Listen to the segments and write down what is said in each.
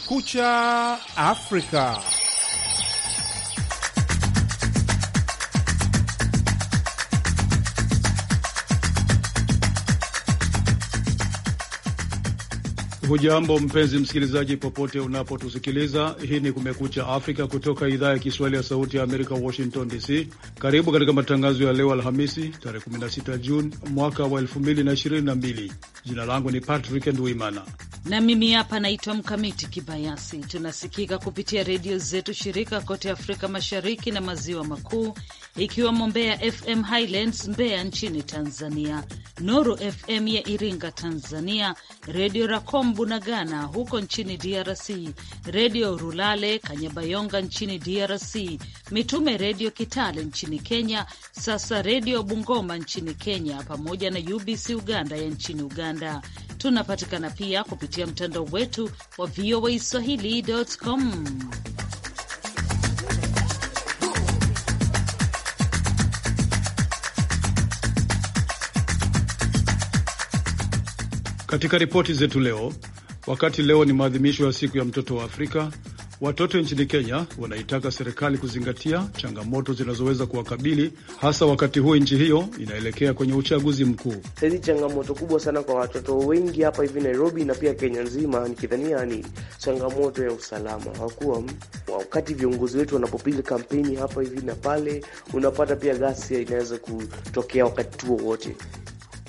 Kumekucha Afrika. Hujambo mpenzi msikilizaji, popote unapotusikiliza. Hii ni Kumekucha Afrika kutoka idhaa ya Kiswahili ya Sauti ya Amerika, Washington DC. Karibu katika matangazo ya leo Alhamisi, tarehe 16 Juni mwaka wa 2022. Jina langu ni Patrick Nduimana na mimi hapa naitwa Mkamiti Kibayasi. Tunasikika kupitia redio zetu shirika kote Afrika Mashariki na Maziwa Makuu, ikiwemo Mbeya FM Highlands Mbeya nchini Tanzania, Noru FM ya Iringa Tanzania, Redio Racom Bunagana huko nchini DRC, Redio Rulale Kanyabayonga nchini DRC, Mitume Redio Kitale nchini Kenya, Sasa Redio Bungoma nchini Kenya, pamoja na UBC Uganda ya nchini Uganda. Tunapatikana pia kupitia mtandao wetu wa VOA swahili.com. Katika ripoti zetu leo, wakati leo ni maadhimisho ya siku ya mtoto wa Afrika, watoto nchini Kenya wanaitaka serikali kuzingatia changamoto zinazoweza kuwakabili hasa wakati huu nchi hiyo inaelekea kwenye uchaguzi mkuu. Sahizi changamoto kubwa sana kwa watoto wengi hapa hivi Nairobi na pia Kenya nzima, nikidhania ni changamoto ya usalama. wakuwa wakati viongozi wetu wanapopiga kampeni hapa hivi na pale, unapata pia ghasia inaweza kutokea wakati tu wowote.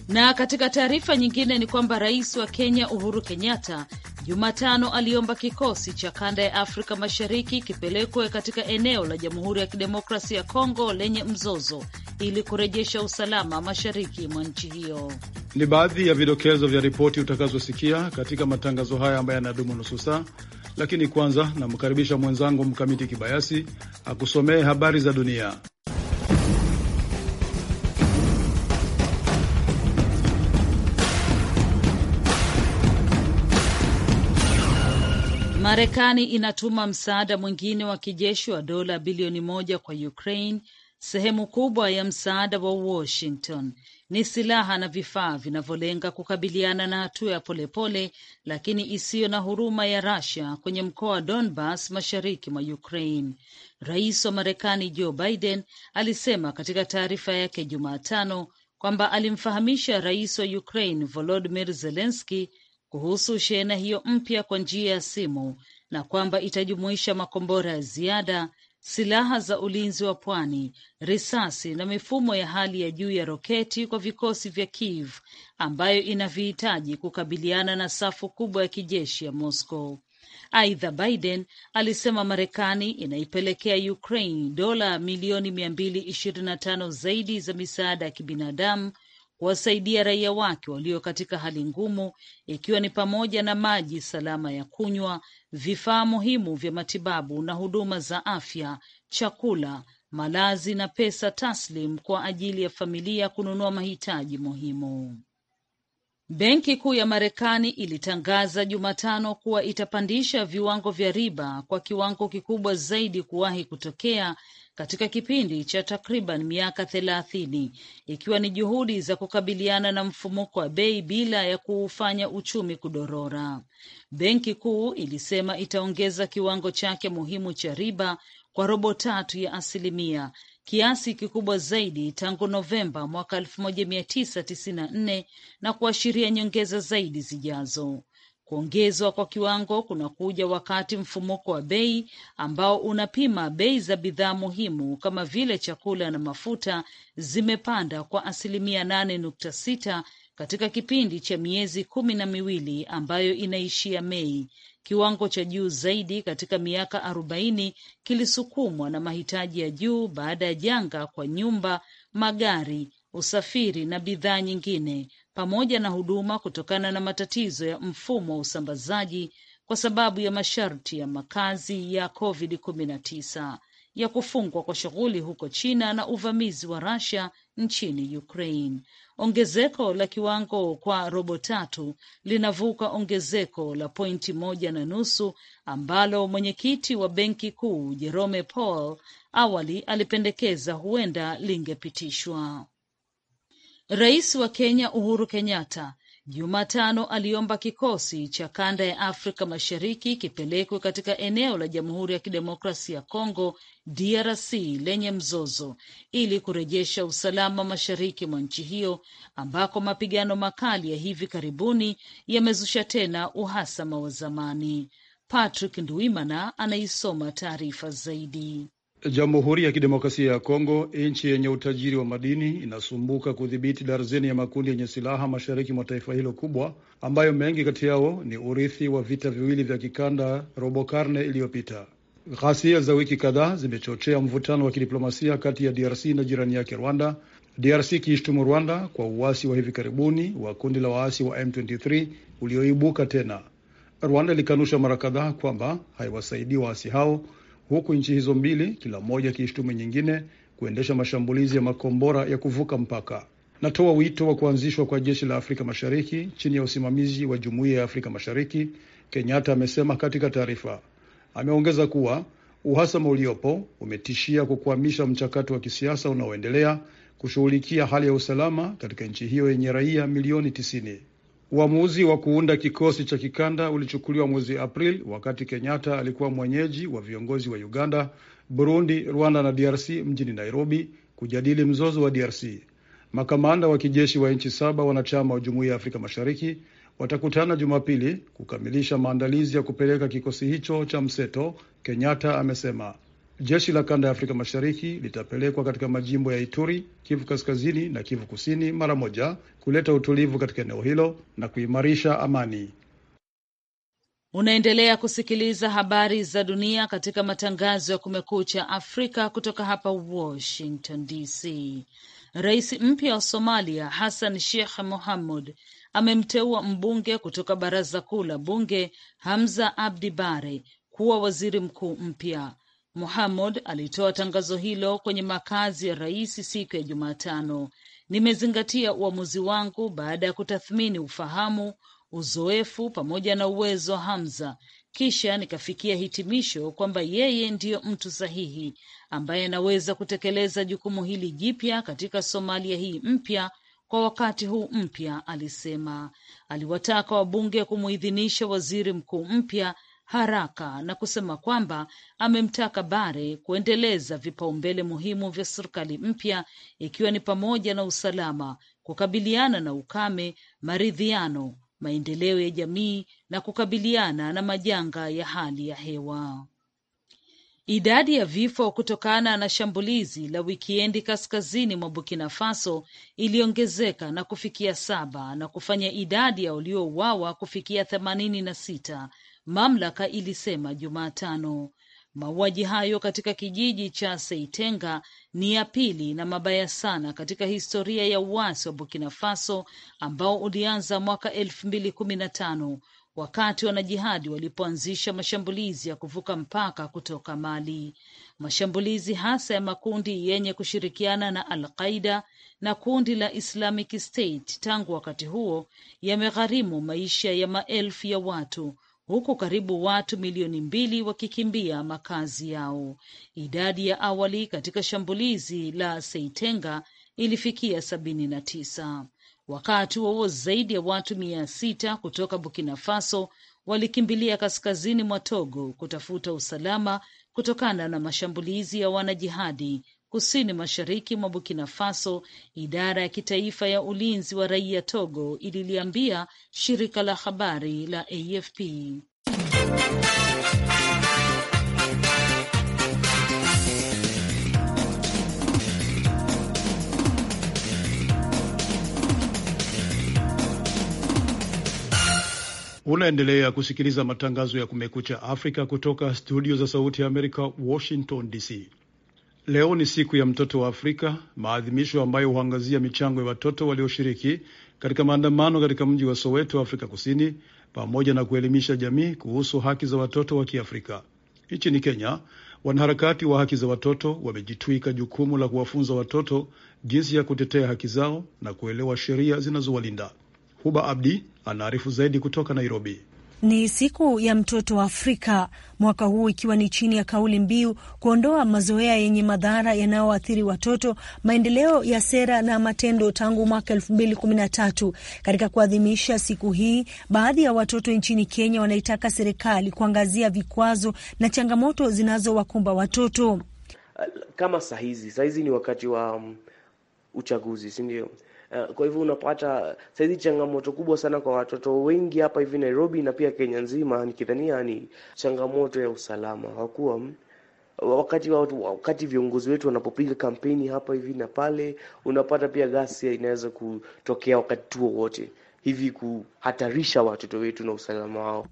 Na katika taarifa nyingine ni kwamba rais wa Kenya Uhuru Kenyatta Jumatano aliomba kikosi cha kanda ya Afrika Mashariki kipelekwe katika eneo la Jamhuri ya Kidemokrasia ya Kongo lenye mzozo ili kurejesha usalama mashariki mwa nchi hiyo. Ni baadhi ya vidokezo vya ripoti utakazosikia katika matangazo haya ambayo yanadumu nusu saa, lakini kwanza namkaribisha mwenzangu Mkamiti Kibayasi akusomee habari za dunia. Marekani inatuma msaada mwingine wa kijeshi wa dola bilioni moja kwa Ukraine. Sehemu kubwa ya msaada wa Washington ni silaha na vifaa vinavyolenga kukabiliana na hatua ya polepole lakini isiyo na huruma ya Russia kwenye mkoa wa Donbas mashariki mwa Ukraine. Rais wa Marekani Joe Biden alisema katika taarifa yake Jumatano kwamba alimfahamisha rais wa Ukraine volodimir zelenski kuhusu shehena hiyo mpya kwa njia ya simu na kwamba itajumuisha makombora ya ziada, silaha za ulinzi wa pwani, risasi na mifumo ya hali ya juu ya roketi kwa vikosi vya Kiev ambayo inavihitaji kukabiliana na safu kubwa ya kijeshi ya Moscow. Aidha, Biden alisema Marekani inaipelekea Ukraine dola milioni mia mbili ishirini na tano zaidi za misaada ya kibinadamu kuwasaidia raia wake walio katika hali ngumu, ikiwa ni pamoja na maji salama ya kunywa, vifaa muhimu vya matibabu na huduma za afya, chakula, malazi na pesa taslim kwa ajili ya familia kununua mahitaji muhimu. Benki Kuu ya Marekani ilitangaza Jumatano kuwa itapandisha viwango vya riba kwa kiwango kikubwa zaidi kuwahi kutokea katika kipindi cha takriban miaka thelathini ikiwa ni juhudi za kukabiliana na mfumuko wa bei bila ya kuufanya uchumi kudorora. Benki Kuu ilisema itaongeza kiwango chake muhimu cha riba kwa robo tatu ya asilimia, kiasi kikubwa zaidi tangu Novemba mwaka 1994 na kuashiria nyongeza zaidi zijazo. Kuongezwa kwa kiwango kunakuja wakati mfumuko wa bei ambao unapima bei za bidhaa muhimu kama vile chakula na mafuta zimepanda kwa asilimia nane nukta sita katika kipindi cha miezi kumi na miwili ambayo inaishia Mei, kiwango cha juu zaidi katika miaka arobaini kilisukumwa na mahitaji ya juu baada ya janga kwa nyumba, magari, usafiri na bidhaa nyingine pamoja na huduma kutokana na matatizo ya mfumo wa usambazaji kwa sababu ya masharti ya makazi ya COVID-19 ya kufungwa kwa shughuli huko China na uvamizi wa Russia nchini Ukraine. Ongezeko la kiwango kwa robo tatu linavuka ongezeko la pointi moja na nusu ambalo mwenyekiti wa Benki Kuu Jerome Powell awali alipendekeza huenda lingepitishwa. Rais wa Kenya Uhuru Kenyatta Jumatano aliomba kikosi cha kanda ya Afrika Mashariki kipelekwe katika eneo la Jamhuri ya Kidemokrasia ya Kongo DRC lenye mzozo ili kurejesha usalama mashariki mwa nchi hiyo ambako mapigano makali ya hivi karibuni yamezusha tena uhasama wa zamani. Patrick Ndwimana anaisoma taarifa zaidi. Jamhuri ya Kidemokrasia ya Kongo, nchi yenye utajiri wa madini, inasumbuka kudhibiti darzeni ya makundi yenye silaha mashariki mwa taifa hilo kubwa, ambayo mengi kati yao ni urithi wa vita viwili vya kikanda robo karne iliyopita. Ghasia za wiki kadhaa zimechochea mvutano wa kidiplomasia kati ya DRC na jirani yake Rwanda, DRC kiishtumu Rwanda kwa uasi wa hivi karibuni wa kundi la waasi wa M23 ulioibuka tena. Rwanda ilikanusha mara kadhaa kwamba haiwasaidii waasi hao huku nchi hizo mbili kila moja kishtumi nyingine kuendesha mashambulizi ya makombora ya kuvuka mpaka. Natoa wito wa kuanzishwa kwa jeshi la Afrika Mashariki chini ya usimamizi wa Jumuiya ya Afrika Mashariki, Kenyatta amesema katika taarifa. Ameongeza kuwa uhasama uliopo umetishia kukwamisha mchakato wa kisiasa unaoendelea kushughulikia hali ya usalama katika nchi hiyo yenye raia milioni tisini. Uamuzi wa kuunda kikosi cha kikanda ulichukuliwa mwezi Aprili wakati Kenyatta alikuwa mwenyeji wa viongozi wa Uganda, Burundi, Rwanda na DRC mjini Nairobi kujadili mzozo wa DRC. Makamanda wa kijeshi wa nchi saba wanachama wa Jumuiya ya Afrika Mashariki watakutana Jumapili kukamilisha maandalizi ya kupeleka kikosi hicho cha mseto, Kenyatta amesema. Jeshi la kanda ya Afrika Mashariki litapelekwa katika majimbo ya Ituri, Kivu Kaskazini na Kivu Kusini mara moja kuleta utulivu katika eneo hilo na kuimarisha amani. Unaendelea kusikiliza habari za dunia katika matangazo ya Kumekucha Afrika kutoka hapa Washington DC. Rais mpya wa Somalia Hassan Sheikh Mohamud amemteua mbunge kutoka baraza kuu la bunge Hamza Abdi Bare kuwa waziri mkuu mpya. Muhammad alitoa tangazo hilo kwenye makazi ya rais siku ya Jumatano. Nimezingatia uamuzi wangu baada ya kutathmini ufahamu, uzoefu pamoja na uwezo wa Hamza, kisha nikafikia hitimisho kwamba yeye ndiyo mtu sahihi ambaye anaweza kutekeleza jukumu hili jipya katika Somalia hii mpya kwa wakati huu mpya, alisema. Aliwataka wabunge kumuidhinisha waziri mkuu mpya haraka na kusema kwamba amemtaka Bare kuendeleza vipaumbele muhimu vya serikali mpya ikiwa ni pamoja na usalama, kukabiliana na ukame, maridhiano, maendeleo ya jamii na kukabiliana na majanga ya hali ya hewa. Idadi ya vifo kutokana na shambulizi la wikiendi kaskazini mwa Burkina Faso iliongezeka na kufikia saba na kufanya idadi ya waliouawa kufikia themanini na sita mamlaka ilisema Jumatano. Mauaji hayo katika kijiji cha Seitenga ni ya pili na mabaya sana katika historia ya uasi wa Burkina Faso ambao ulianza mwaka elfu mbili kumi na tano wakati wanajihadi walipoanzisha mashambulizi ya kuvuka mpaka kutoka Mali, mashambulizi hasa ya makundi yenye kushirikiana na Al-Qaida na kundi la Islamic State. Tangu wakati huo yamegharimu maisha ya maelfu ya watu huku karibu watu milioni mbili wakikimbia makazi yao. Idadi ya awali katika shambulizi la Seitenga ilifikia sabini na tisa. Wakati huo zaidi ya watu mia sita kutoka Burkina Faso walikimbilia kaskazini mwa Togo kutafuta usalama kutokana na mashambulizi ya wanajihadi Kusini mashariki mwa Burkina Faso, idara ya kitaifa ya ulinzi wa raia Togo ililiambia shirika la habari la AFP. Unaendelea kusikiliza matangazo ya Kumekucha Afrika kutoka studio za Sauti ya Amerika, Washington DC. Leo ni siku ya mtoto wa Afrika, maadhimisho ambayo huangazia michango ya watoto walioshiriki katika maandamano katika mji wa Soweto, Afrika Kusini, pamoja na kuelimisha jamii kuhusu haki za watoto wa Kiafrika. Nchini Kenya, wanaharakati wa haki za watoto wamejitwika jukumu la kuwafunza watoto jinsi ya kutetea haki zao na kuelewa sheria zinazowalinda. Huba Abdi anaarifu zaidi kutoka Nairobi. Ni siku ya mtoto wa Afrika mwaka huu ikiwa ni chini ya kauli mbiu kuondoa mazoea yenye madhara yanayoathiri watoto, maendeleo ya sera na matendo tangu mwaka elfu mbili kumi na tatu. Katika kuadhimisha siku hii, baadhi ya watoto nchini Kenya wanaitaka serikali kuangazia vikwazo na changamoto zinazowakumba watoto kama sahizi. Sahizi ni wakati wa um, uchaguzi, sindio? Eh, kwa hivyo unapata sahizi changamoto kubwa sana kwa watoto wengi hapa hivi Nairobi na pia Kenya nzima, nikidhania ni changamoto ya usalama. Kwa kuwa mm, wakati wa, wakati viongozi wetu wanapopiga kampeni hapa hivi na pale, unapata pia ghasia inaweza kutokea wakati wowote hivi, kuhatarisha watoto wetu na usalama wao.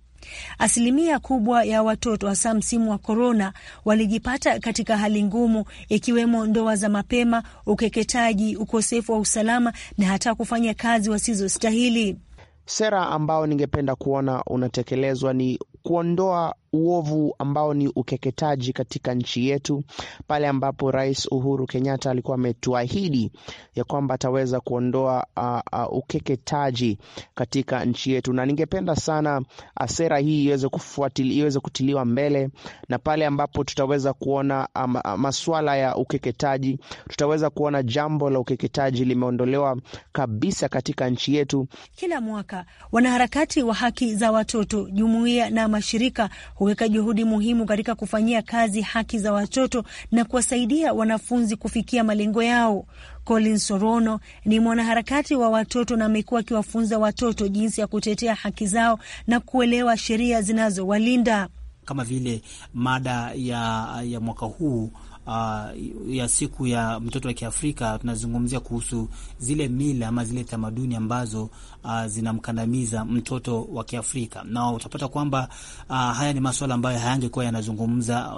Asilimia kubwa ya watoto hasa msimu wa korona walijipata katika hali ngumu, ikiwemo ndoa za mapema, ukeketaji, ukosefu wa usalama na hata kufanya kazi wasizostahili. Sera ambayo ningependa kuona unatekelezwa ni kuondoa uovu ambao ni ukeketaji katika nchi yetu, pale ambapo Rais Uhuru Kenyatta alikuwa ametuahidi ya kwamba ataweza kuondoa uh, uh, ukeketaji katika nchi yetu, na ningependa sana sera hii iweze kufuatili, iweze kutiliwa mbele, na pale ambapo tutaweza kuona um, masuala ya ukeketaji, tutaweza kuona jambo la ukeketaji limeondolewa kabisa katika nchi yetu. Kila mwaka wanaharakati wa haki za watoto, jumuiya na mashirika kuweka juhudi muhimu katika kufanyia kazi haki za watoto na kuwasaidia wanafunzi kufikia malengo yao. Colin Sorono ni mwanaharakati wa watoto na amekuwa akiwafunza watoto jinsi ya kutetea haki zao na kuelewa sheria zinazowalinda kama vile mada ya, ya mwaka huu uh, ya siku ya mtoto wa Kiafrika tunazungumzia kuhusu zile mila ama zile tamaduni ambazo uh, zinamkandamiza mtoto wa Kiafrika, na utapata kwamba uh, haya ni masuala ambayo hayangekuwa yanazungumza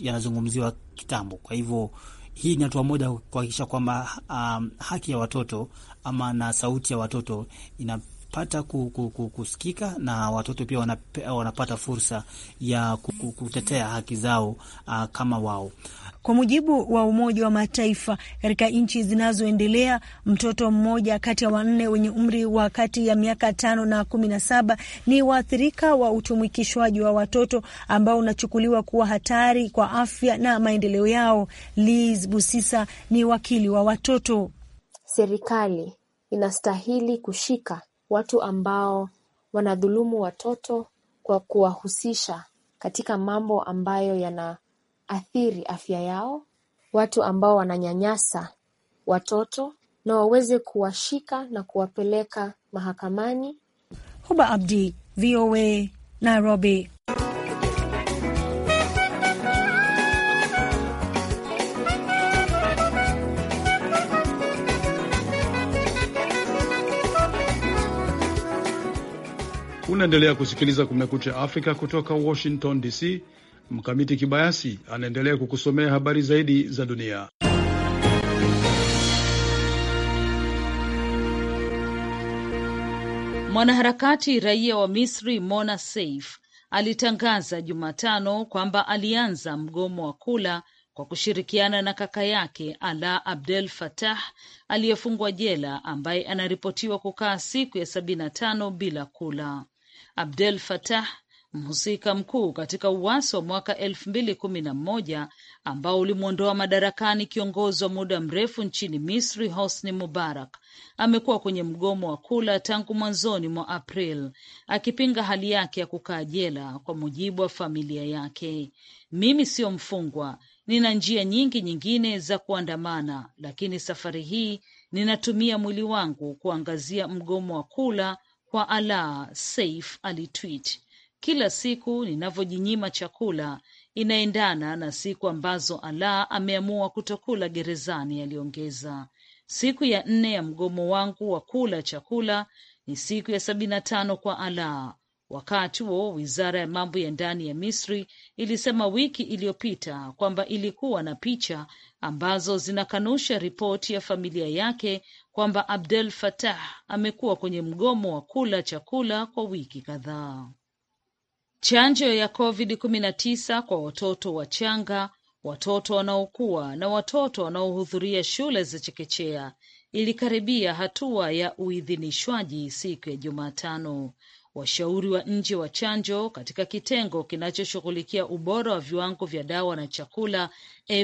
yanazungumziwa ya, ya kitambo. Kwa hivyo hii ni hatua moja kuhakikisha kwamba um, haki ya watoto ama na sauti ya watoto ina pata kusikika na watoto pia wanapata fursa ya kutetea haki zao uh, kama wao. Kwa mujibu wa Umoja wa Mataifa, katika nchi zinazoendelea mtoto mmoja kati ya wanne wenye umri wa kati ya miaka tano na kumi na saba ni waathirika wa utumikishwaji wa watoto ambao unachukuliwa kuwa hatari kwa afya na maendeleo yao. Liz Busisa ni wakili wa watoto. Serikali inastahili kushika watu ambao wanadhulumu watoto kwa kuwahusisha katika mambo ambayo yana athiri afya yao watu ambao wananyanyasa watoto na waweze kuwashika na kuwapeleka mahakamani. Huba Abdi, VOA, Nairobi. Unaendelea kusikiliza Kumekucha Afrika kutoka Washington DC. Mkamiti Kibayasi anaendelea kukusomea habari zaidi za dunia. Mwanaharakati raia wa Misri Mona Saif alitangaza Jumatano kwamba alianza mgomo wa kula kwa kushirikiana na kaka yake Ala Abdel Fattah aliyefungwa jela ambaye anaripotiwa kukaa siku ya sabini na tano bila kula. Abdel Fattah mhusika mkuu katika uasi wa mwaka elfu mbili kumi na moja ambao ulimwondoa madarakani kiongozi wa muda mrefu nchini Misri Hosni Mubarak amekuwa kwenye mgomo wa kula tangu mwanzoni mwa April akipinga hali yake ya kukaa jela, kwa mujibu wa familia yake. Mimi siyo mfungwa, nina njia nyingi nyingine za kuandamana, lakini safari hii ninatumia mwili wangu kuangazia mgomo wa kula kwa Allah, Saif alitweet. Kila siku ninavyojinyima chakula inaendana na siku ambazo ala ameamua kutokula gerezani, aliongeza. Siku ya nne ya mgomo wangu wa kula chakula ni siku ya sabini na tano kwa ala Wakati huo wizara ya mambo ya ndani ya Misri ilisema wiki iliyopita kwamba ilikuwa na picha ambazo zinakanusha ripoti ya familia yake kwamba Abdel Fattah amekuwa kwenye mgomo wa kula chakula kwa wiki kadhaa. Chanjo ya COVID-19 kwa watoto wachanga, watoto wanaokua na watoto wanaohudhuria shule za chekechea ilikaribia hatua ya uidhinishwaji siku ya Jumatano. Washauri wa nje wa chanjo katika kitengo kinachoshughulikia ubora wa viwango vya dawa na chakula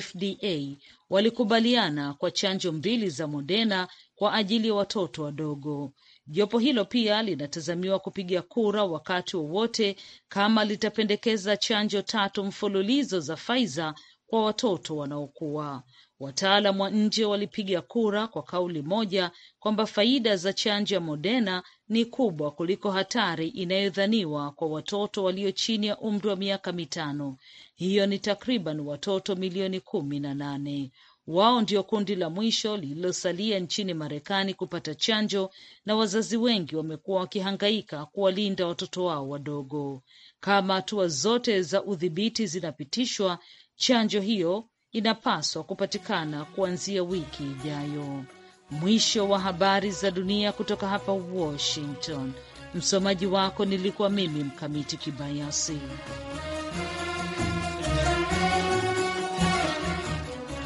FDA walikubaliana kwa chanjo mbili za Moderna kwa ajili ya watoto wadogo. Jopo hilo pia linatazamiwa kupiga kura wakati wowote kama litapendekeza chanjo tatu mfululizo za Pfizer kwa watoto wanaokuwa Wataalam wa nje walipiga kura kwa kauli moja kwamba faida za chanjo ya Moderna ni kubwa kuliko hatari inayodhaniwa kwa watoto walio chini ya umri wa miaka mitano. Hiyo ni takriban watoto milioni kumi na nane. Wao ndio kundi la mwisho lililosalia nchini Marekani kupata chanjo, na wazazi wengi wamekuwa wakihangaika kuwalinda watoto wao wadogo. Kama hatua zote za udhibiti zinapitishwa, chanjo hiyo inapaswa kupatikana kuanzia wiki ijayo. Mwisho wa habari za dunia kutoka hapa Washington. Msomaji wako nilikuwa mimi Mkamiti Kibayasi.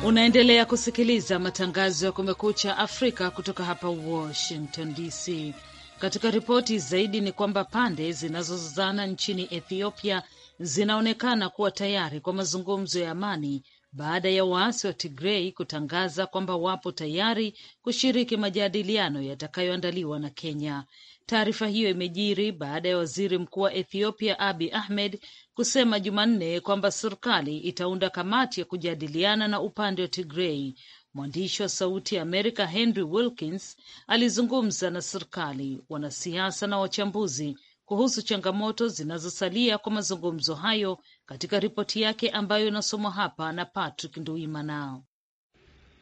Unaendelea kusikiliza matangazo ya Kumekucha Afrika kutoka hapa Washington DC. Katika ripoti zaidi ni kwamba pande zinazozozana nchini Ethiopia zinaonekana kuwa tayari kwa mazungumzo ya amani baada ya waasi wa Tigrei kutangaza kwamba wapo tayari kushiriki majadiliano yatakayoandaliwa na Kenya. Taarifa hiyo imejiri baada ya waziri mkuu wa Ethiopia Abi Ahmed kusema Jumanne kwamba serikali itaunda kamati ya kujadiliana na upande wa Tigrei. Mwandishi wa Sauti ya Amerika Henry Wilkins alizungumza na serikali, wanasiasa na wachambuzi kuhusu changamoto zinazosalia kwa mazungumzo hayo katika ripoti yake ambayo inasomwa hapa na Patrick Nduimana.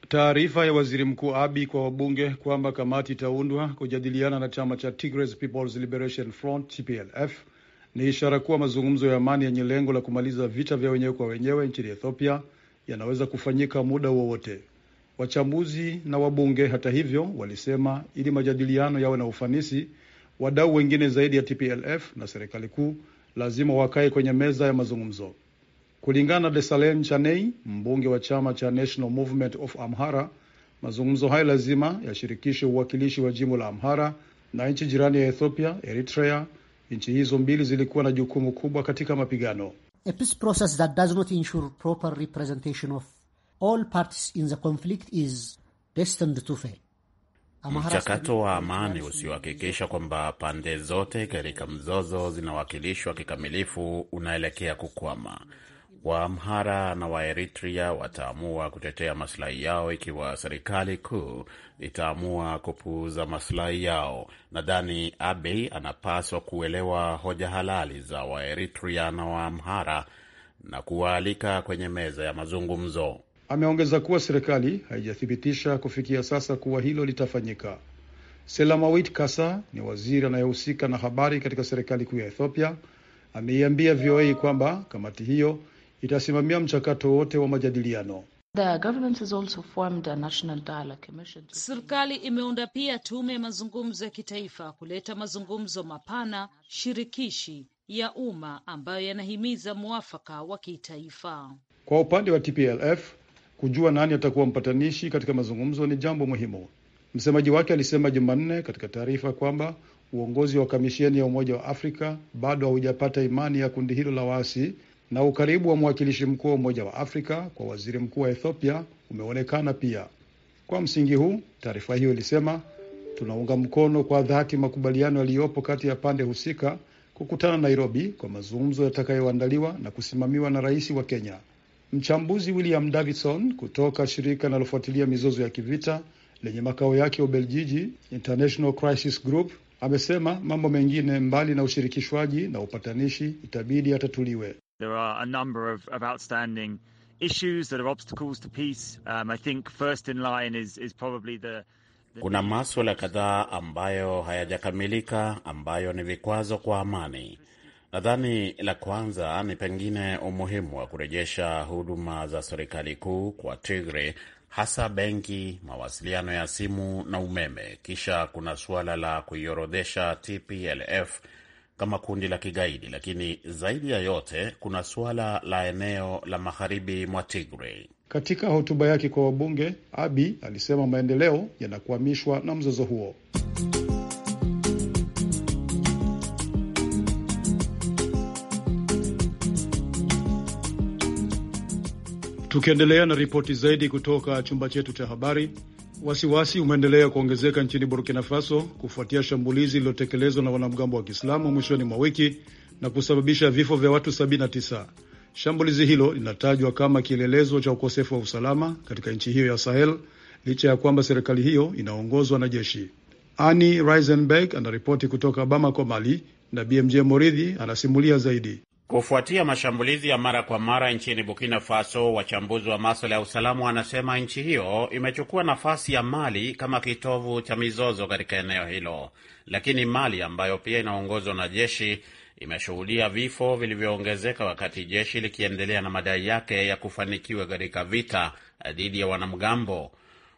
Taarifa ya waziri mkuu Abi kwa wabunge kwamba kamati itaundwa kujadiliana na chama cha Tigray People's Liberation Front TPLF ni ishara kuwa mazungumzo ya amani yenye lengo la kumaliza vita vya wenyewe kwa wenyewe nchini Ethiopia yanaweza kufanyika muda wowote. Wachambuzi na wabunge, hata hivyo, walisema ili majadiliano yawe na ufanisi, wadau wengine zaidi ya TPLF na serikali kuu lazima wakae kwenye meza ya mazungumzo. Kulingana na Desalegn Chaney, mbunge wa chama cha National Movement of Amhara, mazungumzo hayo lazima yashirikishe uwakilishi wa jimbo la Amhara na nchi jirani ya Ethiopia, Eritrea. Nchi hizo mbili zilikuwa na jukumu kubwa katika mapigano. A peace process that does not ensure proper representation of all parties in the conflict is destined to fail. Mchakato wa amani usiohakikisha kwamba pande zote katika mzozo zinawakilishwa kikamilifu unaelekea kukwama. Waamhara na Waeritria wataamua kutetea masilahi yao ikiwa serikali kuu itaamua kupuuza masilahi yao. Nadhani Abiy anapaswa kuelewa hoja halali za Waeritria na Waamhara na kuwaalika kwenye meza ya mazungumzo. Ameongeza kuwa serikali haijathibitisha kufikia sasa kuwa hilo litafanyika. Selamawit Kasa ni waziri anayehusika na habari katika serikali kuu ya Ethiopia. Ameiambia VOA kwamba kamati hiyo itasimamia mchakato wote wa majadiliano. Serikali imeunda pia tume ya mazungumzo ya kitaifa kuleta mazungumzo mapana shirikishi ya umma ambayo yanahimiza mwafaka wa kitaifa. Kwa upande wa TPLF Kujua nani atakuwa mpatanishi katika mazungumzo ni jambo muhimu. Msemaji wake alisema Jumanne katika taarifa kwamba uongozi wa kamisheni ya Umoja wa Afrika bado haujapata imani ya kundi hilo la waasi na ukaribu wa mwakilishi mkuu wa Umoja wa Afrika kwa waziri mkuu wa Ethiopia umeonekana pia. Kwa msingi huu, taarifa hiyo ilisema, tunaunga mkono kwa dhati makubaliano yaliyopo kati ya pande husika kukutana Nairobi kwa mazungumzo yatakayoandaliwa na kusimamiwa na rais wa Kenya. Mchambuzi William Davidson kutoka shirika linalofuatilia mizozo ya kivita lenye makao yake Ubeljiji, International Crisis Group, amesema mambo mengine mbali na ushirikishwaji na upatanishi itabidi yatatuliwe. There are a number of, of outstanding issues that are obstacles to peace. Um, I think first in line is, is probably the, the... Kuna maswala kadhaa ambayo hayajakamilika ambayo ni vikwazo kwa amani. Nadhani la kwanza ni pengine umuhimu wa kurejesha huduma za serikali kuu kwa Tigre, hasa benki, mawasiliano ya simu na umeme. Kisha kuna suala la kuiorodhesha TPLF kama kundi la kigaidi, lakini zaidi ya yote kuna suala la eneo la magharibi mwa Tigre. Katika hotuba yake kwa wabunge, Abi alisema maendeleo yanakwamishwa na mzozo huo. Tukiendelea na ripoti zaidi kutoka chumba chetu cha habari, wasiwasi umeendelea kuongezeka nchini Burkina Faso kufuatia shambulizi lililotekelezwa na wanamgambo wa Kiislamu mwishoni mwa wiki na kusababisha vifo vya watu 79. Shambulizi hilo linatajwa kama kielelezo cha ukosefu wa usalama katika nchi hiyo ya Sahel licha ya kwamba serikali hiyo inaongozwa na jeshi. Ani Reisenberg anaripoti kutoka Bamako, Mali, na BMJ Moridhi anasimulia zaidi. Kufuatia mashambulizi ya mara kwa mara nchini Burkina Faso, wachambuzi wa maswala ya usalama wanasema nchi hiyo imechukua nafasi ya Mali kama kitovu cha mizozo katika eneo hilo. Lakini Mali ambayo pia inaongozwa na jeshi imeshuhudia vifo vilivyoongezeka wakati jeshi likiendelea na madai yake ya kufanikiwa katika vita dhidi ya wanamgambo.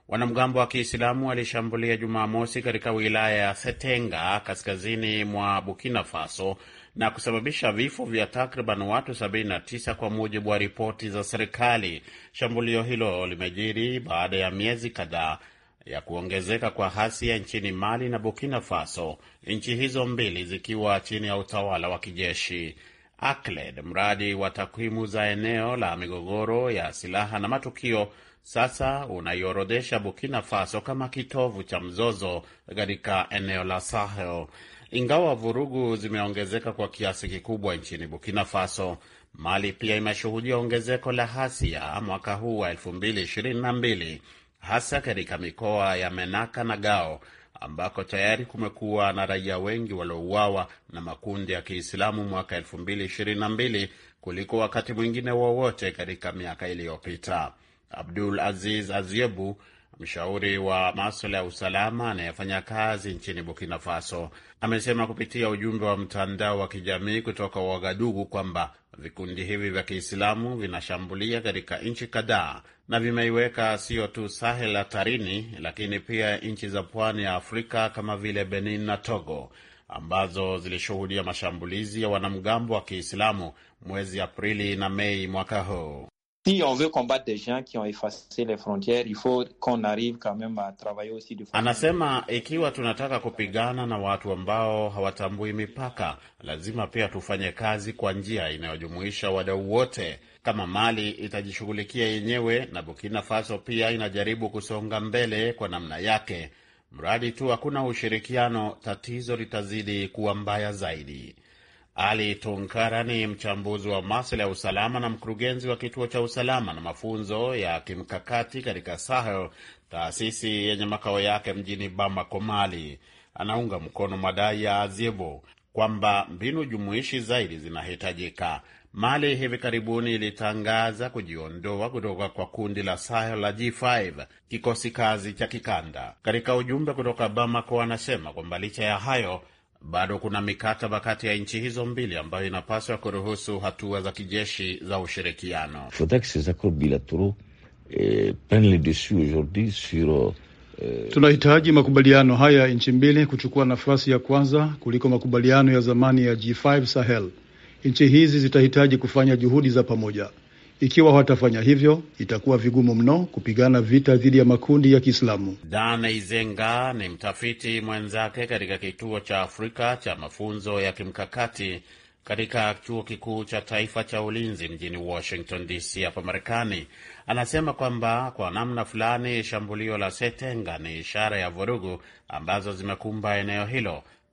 Wanamgambo wa Kiislamu walishambulia Jumamosi katika wilaya ya Setenga kaskazini mwa Burkina Faso na kusababisha vifo vya takriban watu 79 kwa mujibu wa ripoti za serikali. Shambulio hilo limejiri baada ya miezi kadhaa ya kuongezeka kwa hasia nchini Mali na Burkina Faso, nchi hizo mbili zikiwa chini ya utawala wa kijeshi. ACLED, mradi wa takwimu za eneo la migogoro ya silaha na matukio, sasa unaiorodhesha Burkina Faso kama kitovu cha mzozo katika eneo la Sahel. Ingawa vurugu zimeongezeka kwa kiasi kikubwa nchini Burkina Faso, Mali pia imeshuhudia ongezeko la hasia mwaka huu wa 2022 hasa katika mikoa ya Menaka na Gao ambako tayari kumekuwa na raia wengi waliouawa na makundi ya Kiislamu mwaka 2022 kuliko wakati mwingine wowote katika miaka iliyopita. Abdul Aziz Aziebu Mshauri wa maswala ya usalama anayefanya kazi nchini Burkina Faso amesema kupitia ujumbe wa mtandao wa kijamii kutoka Wagadugu kwamba vikundi hivi vya Kiislamu vinashambulia katika nchi kadhaa na vimeiweka siyo tu Sahel hatarini, lakini pia nchi za pwani ya Afrika kama vile Benin na Togo ambazo zilishuhudia mashambulizi ya wanamgambo wa Kiislamu mwezi Aprili na Mei mwaka huu si on veut combattre des gens qui ont effacé les frontières, il faut qu'on arrive quand même à travailler aussi de anasema, ikiwa tunataka kupigana na watu ambao hawatambui mipaka, lazima pia tufanye kazi kwa njia inayojumuisha wadau wote. Kama Mali itajishughulikia yenyewe na Burkina Faso pia inajaribu kusonga mbele kwa namna yake, mradi tu hakuna ushirikiano, tatizo litazidi kuwa mbaya zaidi. Ali Tunkara ni mchambuzi wa masala ya usalama na mkurugenzi wa kituo cha usalama na mafunzo ya kimkakati katika Sahel, taasisi yenye makao yake mjini Bamako, Mali. Anaunga mkono madai ya Azibu kwamba mbinu jumuishi zaidi zinahitajika. Mali hivi karibuni ilitangaza kujiondoa kutoka kwa kundi la Sahel la G5, kikosi kazi cha kikanda. Katika ujumbe kutoka Bamako, anasema kwamba licha ya hayo bado kuna mikataba kati ya nchi hizo mbili ambayo inapaswa kuruhusu hatua za kijeshi za ushirikiano. Eh, euh, Tunahitaji makubaliano haya ya nchi mbili kuchukua nafasi ya kwanza kuliko makubaliano ya zamani ya G5 Sahel. Nchi hizi zitahitaji kufanya juhudi za pamoja. Ikiwa watafanya hivyo, itakuwa vigumu mno kupigana vita dhidi ya makundi ya Kiislamu. Dan Izenga ni mtafiti mwenzake katika kituo cha Afrika cha mafunzo ya kimkakati katika chuo kikuu cha taifa cha ulinzi mjini Washington DC hapa Marekani. Anasema kwamba kwa namna fulani shambulio la Setenga ni ishara ya vurugu ambazo zimekumba eneo hilo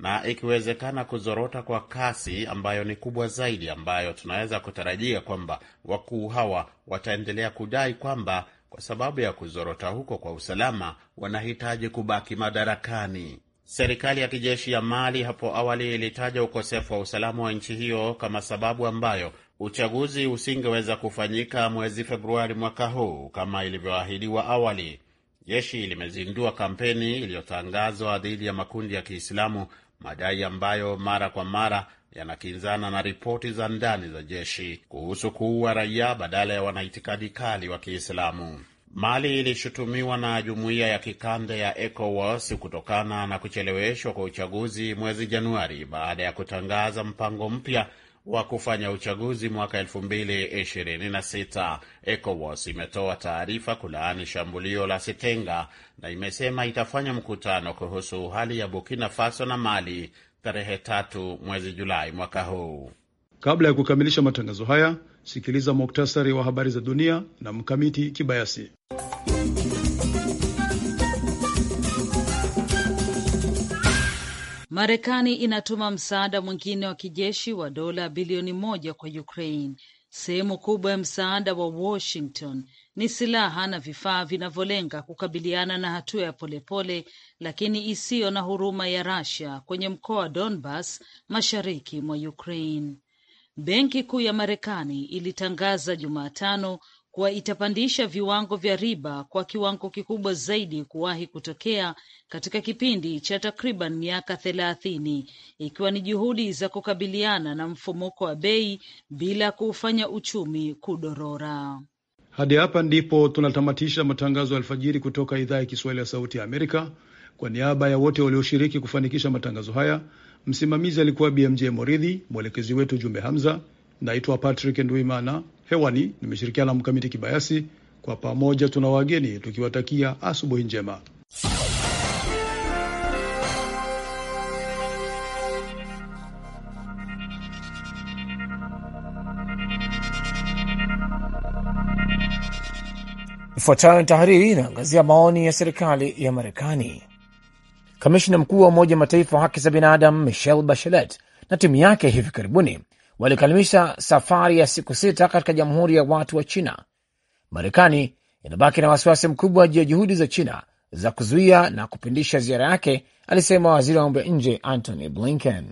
na ikiwezekana kuzorota kwa kasi ambayo ni kubwa zaidi, ambayo tunaweza kutarajia kwamba wakuu hawa wataendelea kudai kwamba kwa sababu ya kuzorota huko kwa usalama wanahitaji kubaki madarakani. Serikali ya kijeshi ya Mali hapo awali ilitaja ukosefu wa usalama wa nchi hiyo kama sababu ambayo uchaguzi usingeweza kufanyika mwezi Februari mwaka huu kama ilivyoahidiwa awali. Jeshi limezindua kampeni iliyotangazwa dhidi ya makundi ya Kiislamu, madai ambayo mara kwa mara yanakinzana na ripoti za ndani za jeshi kuhusu kuua raia badala ya wanaitikadi kali wa Kiislamu. Mali ilishutumiwa na jumuiya ya kikanda ya ECOWAS kutokana na kucheleweshwa kwa uchaguzi mwezi Januari baada ya kutangaza mpango mpya wa kufanya uchaguzi mwaka 2026. ECOWAS imetoa taarifa kulaani shambulio la Sitenga na imesema itafanya mkutano kuhusu hali ya Burkina Faso na Mali tarehe tatu mwezi Julai mwaka huu. Kabla ya kukamilisha matangazo haya, sikiliza muktasari wa habari za dunia na Mkamiti Kibayasi. Marekani inatuma msaada mwingine wa kijeshi wa dola bilioni moja kwa Ukraine. Sehemu kubwa ya msaada wa Washington ni silaha na vifaa vinavyolenga kukabiliana na hatua ya polepole lakini isiyo na huruma ya Russia kwenye mkoa wa Donbas mashariki mwa Ukraine. Benki Kuu ya Marekani ilitangaza Jumatano kuwa itapandisha viwango vya riba kwa kiwango kikubwa zaidi kuwahi kutokea katika kipindi cha takriban miaka thelathini, ikiwa ni juhudi za kukabiliana na mfumuko wa bei bila kuufanya uchumi kudorora. Hadi hapa ndipo tunatamatisha matangazo ya alfajiri kutoka idhaa ya Kiswahili ya Sauti ya Amerika. Kwa niaba ya wote walioshiriki kufanikisha matangazo haya, msimamizi alikuwa BMJ Moridhi, mwelekezi wetu Jumbe Hamza. Naitwa Patrick Nduimana, hewani nimeshirikiana na Mkamiti Kibayasi. Kwa pamoja tuna wageni tukiwatakia asubuhi njema. Ifuatayo ni tahariri inaangazia maoni ya serikali ya Marekani. Kamishna mkuu wa Umoja Mataifa wa haki za binadamu Michelle Bachelet na timu yake hivi karibuni walikalimisha safari ya siku sita katika Jamhuri ya Watu wa China. Marekani inabaki na wasiwasi mkubwa juu ya juhudi za China za kuzuia na kupindisha ziara yake, alisema waziri wa mambo ya nje Antony Blinken.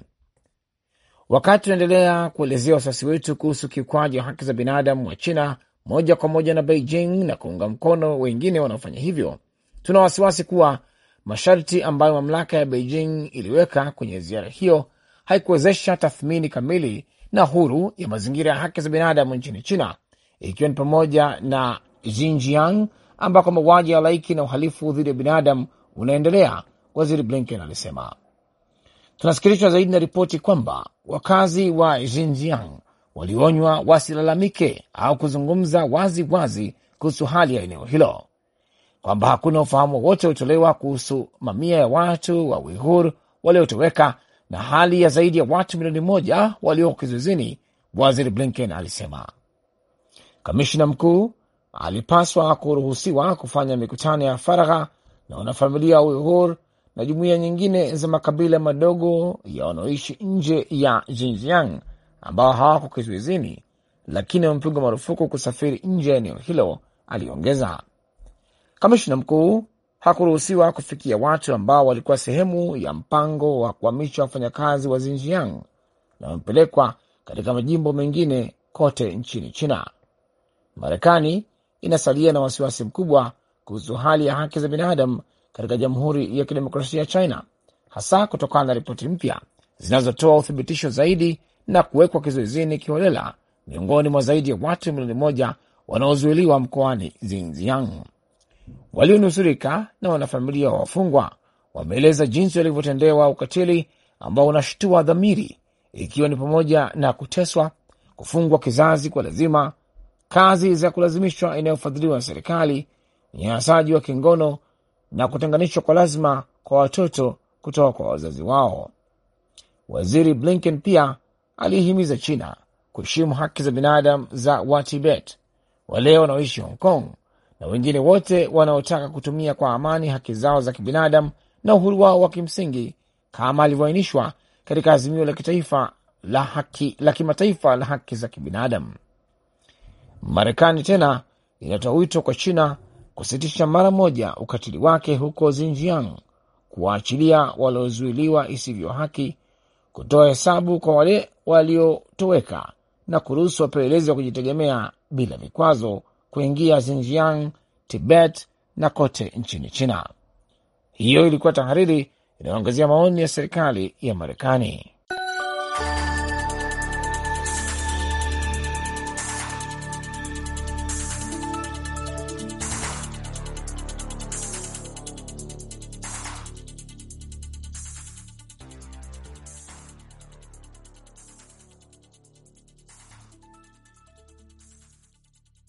Wakati tunaendelea kuelezea wasiwasi wetu kuhusu kiukwaji wa haki za binadamu wa China moja kwa moja na Beijing na kuunga mkono wengine wanaofanya hivyo, tuna wasiwasi kuwa masharti ambayo mamlaka ya Beijing iliweka kwenye ziara hiyo haikuwezesha tathmini kamili na huru ya mazingira ya haki za binadamu nchini China, ikiwa ni pamoja na Xinjiang ambako mauaji ya halaiki na uhalifu dhidi ya binadamu unaendelea. Waziri Blinken alisema, tunasikitishwa zaidi na ripoti kwamba wakazi wa Xinjiang walionywa wasilalamike au kuzungumza wazi wazi kuhusu hali ya eneo hilo, kwamba hakuna ufahamu wowote uliotolewa kuhusu mamia ya watu wa Uighur waliotoweka na hali ya zaidi ya watu milioni moja walioko kizuizini, waziri Blinken alisema. Kamishna mkuu alipaswa kuruhusiwa kufanya mikutano ya faragha na wanafamilia wa Uyghur na jumuiya nyingine za makabila madogo ya wanaoishi nje ya Xinjiang ambao hawako kizuizini, lakini wamepigwa marufuku kusafiri nje ya eneo hilo, aliongeza. Kamishna mkuu hakuruhusiwa kufikia watu ambao walikuwa sehemu ya mpango wa kuhamisha wafanyakazi wa Xinjiang na wamepelekwa katika majimbo mengine kote nchini China. Marekani inasalia na wasiwasi mkubwa kuhusu hali ya haki za binadamu katika Jamhuri ya Kidemokrasia ya China, hasa kutokana na ripoti mpya zinazotoa uthibitisho zaidi na kuwekwa kizuizini kiholela miongoni mwa zaidi ya watu milioni moja wanaozuiliwa mkoani Xinjiang. Walionusurika na wanafamilia wa wafungwa wameeleza jinsi walivyotendewa ukatili ambao unashtua dhamiri, ikiwa ni pamoja na kuteswa, kufungwa kizazi kwa lazima, kazi za kulazimishwa inayofadhiliwa na serikali, unyanyasaji wa kingono na kutenganishwa kwa lazima kwa watoto kutoka kwa wazazi wao. Waziri Blinken pia aliihimiza China kuheshimu haki za binadamu za Watibet, wale wanaoishi Hong Kong na wengine wote wanaotaka kutumia kwa amani haki zao za kibinadamu na uhuru wao wa kimsingi kama alivyoainishwa katika azimio la kitaifa la haki la kimataifa la haki za kibinadamu. Marekani tena inatoa wito kwa China kusitisha mara moja ukatili wake huko Xinjiang, kuwaachilia waliozuiliwa isivyo haki, kutoa hesabu kwa wale waliotoweka na kuruhusu wapelelezi wa kujitegemea bila vikwazo, kuingia Xinjiang, Tibet na kote nchini China. Hiyo ilikuwa tahariri inayoangazia maoni ya serikali ya Marekani.